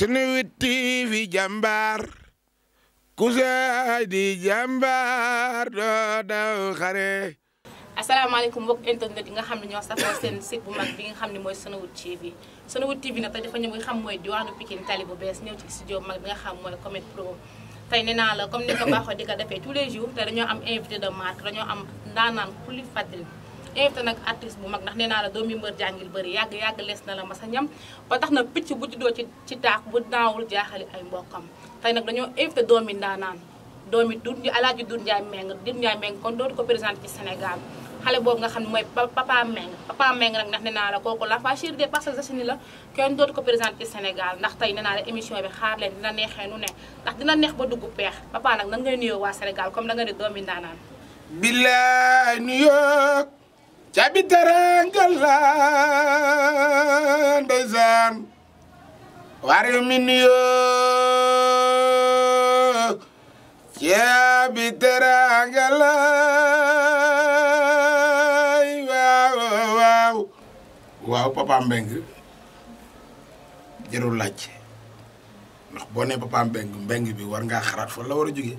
Senewood TV jàmbaar ku say di jàmbaar doo daw xare. asalaamaaleykum mbokk internet yi nga xam ne ñoo safoo seen site bu mag bi nga xam ne mooy Senewood TV Senewood TV nag tey dafa ñëw nga xam mooy diwaanu Pikine tali bu bees ñëw ci si bu mag bi nga xam mooy Comet Pro. tey nee naa la comme ni ko baaxoo di ko defee tous les jours te dañoo am invité de marque dañoo am ndaanaan ku li invité nag artiste bu mag ndax nee la doomi mbër jàngil bëri yàgg yàgg lees na la masa ñam ba tax na picc bu juddoo ci ci taax bu naawul jaaxali ay mbokkam tey nag dañoo invité doomi ndaanaan doomi Doudou Alaaji Doudou Ndiaye Mbengue Doudou Ndiaye Mbengue ko présenté nag ndax nee naa la kooku l'enfant chéri des Parcelles Assainies la kenn dootu ko présenté ci Sénégal ndax tey nee naa la émission bi xaar leen dina neexee nu ne ndax dina neex ba dugg peex papa nag nan ngay nuyoo waa Sénégal comme da nga ne doomi ndaanaan billaay nuyoo cabi teranga la ndeysaan waa réew mi nuyoo cabi teranga la waaw waaw waaw Papa Mbengue jarul laaj ndax boo Papa Mbengue Mbengue bi war ngaa xalaat fa la war a jóge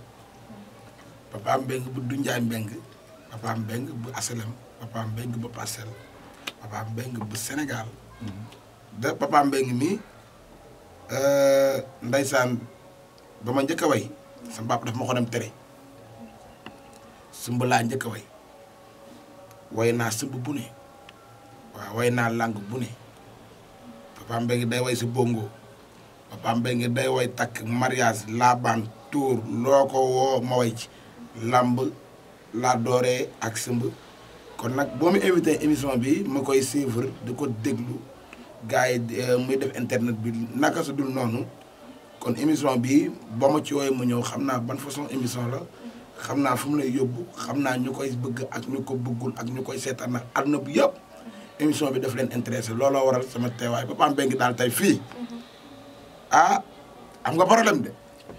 Papa Mbengue bu Dunjaay Mbengue Papa Mbengue bu asalam papa Mbengue ba Parcelles papa Mbengue bu Sénégal da papa Mbengue mi euh, ndaysaan ba ma njëkk a way sama papa daf ma tere sumb laa njëkk way way naa sumb bu ne waaw way naa làng bu ne papa Mbengue day way si bongo papa Mbengue day way takk mariage laabaan tuur loo woo ma way ci laa dooree ak sumb kon nag boo mu invité émission bi ma koy suivre di ko déglu gars yi euh, muy def internet bi naka su dul noonu kon émission bi boo ma ci wooyee mu ñëw xam naa ban façon émission la xam naa fu mu lay yóbbu xam naa ñu koy bëgg ak ñu ko bëggul ak ñu koy seetaan ak àdduna bu yëpp émission bi daf leen intéressé looloo waral sama teewaay Papa Mbengue daal tey fii mm-hmm. ah am nga problème de.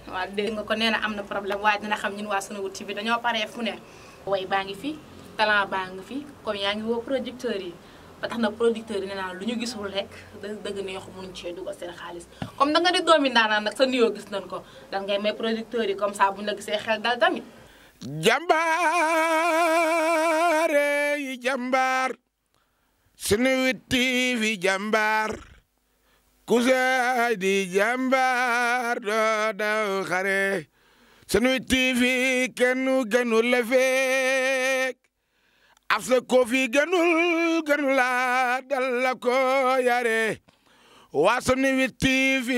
waaw dégg nga ko nee am na problème waaye dina xam ñun waa Senewood TV dañoo paree fu ne. way baa ngi fii talent baa nga fi comme yaa ngi woo producteurs yi ba tax na producteur yi nee naa lu ñu gisul rek dëgg neexu mun cee dugal seen xaalis comme da di doomi ndaanaan nag sa nuyoo gis nañ ko dan ngay may producteurs yi comme ça bu ñu la gisee xel dal tamit. jàmbaare yi jàmbaar Senewood TV jàmbaar ku say di jàmbaar doo kenn gënu la asla ko fi gënul gën laa dal la ko yare Wassoumi 8 TV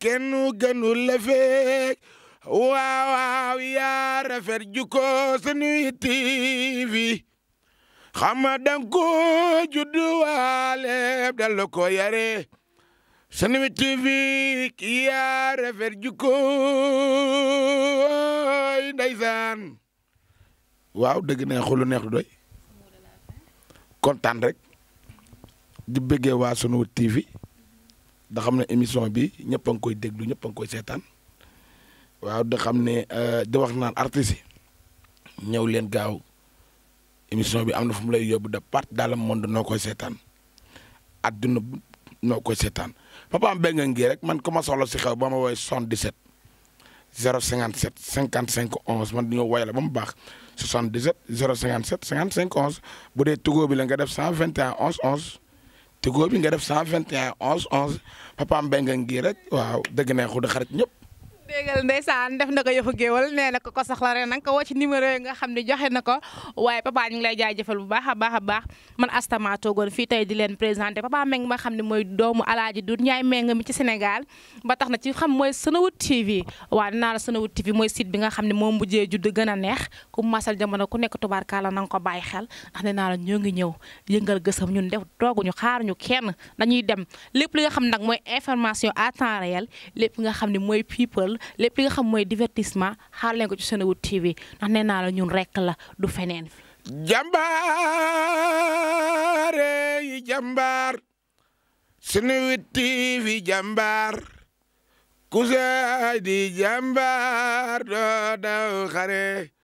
gënul la fekk waaw waaw yaa rafet jukko Wassoumi 8 TV xama dang ko juddu waale dal la ko yare Wassoumi 8 TV yaa rafet jukko ndeysaan waaw dëgg kontan rek di bëggee waa Seneweb TV da xam ne émission bi ñëpp a ngi koy déglu ñëpp a ngi koy seetaan waaw da xam ne euh, di wax naan artistes ñëw leen gaaw émission bi am na fu mu lay yóbbu de part dans le monde noo koy seetaan adduna noo koy seetaan papaam bëgg nga ngi rek man ko ma soxla si xew ba ma woowee 77 057 55 11 man dañoo woy la ba mu baax. dix 77 057 55 11 bu dee Togo bi la nga def 121 11 11 Togo bi nga def cent vingt 121 11 11 Papa Mbengue ngi rek waaw dëgg neexu da xarit ñëpp. Mbégal ndeysaan def na ko yëfu géwal nee na ko ko soxla rek nga xam ne joxe na ko waaye papa ñu ngi lay jaajëfal bu baax a baax a baax man astama toogoon fii tey di leen présenté papa Meng ma xam ne mooy doomu alaaji Doudou Ndiaye Meng mi ci Sénégal ba tax na ci xam mooy Senewood TV waa dinaa la Senewood TV mooy site bi nga xam ne moom mujjee judd gën a neex ku masal jamono ku nekk tubaarkaala na nga ko bàyyi xel ndax nee naa la ñoo ngi ñëw yëngal gësam ñun def xaar ñu kenn dañuy dem lépp li nga xam nag mooy information à temps réel lépp nga xam ne mooy people lépp li nga xam mooy divertissement xaar leen ko ci Senewood TV ndax nee naa la ñun rek la du feneen fi jàmbaare yi jàmbaar Senewood TV jàmbaar ku say di jàmbaar doo xare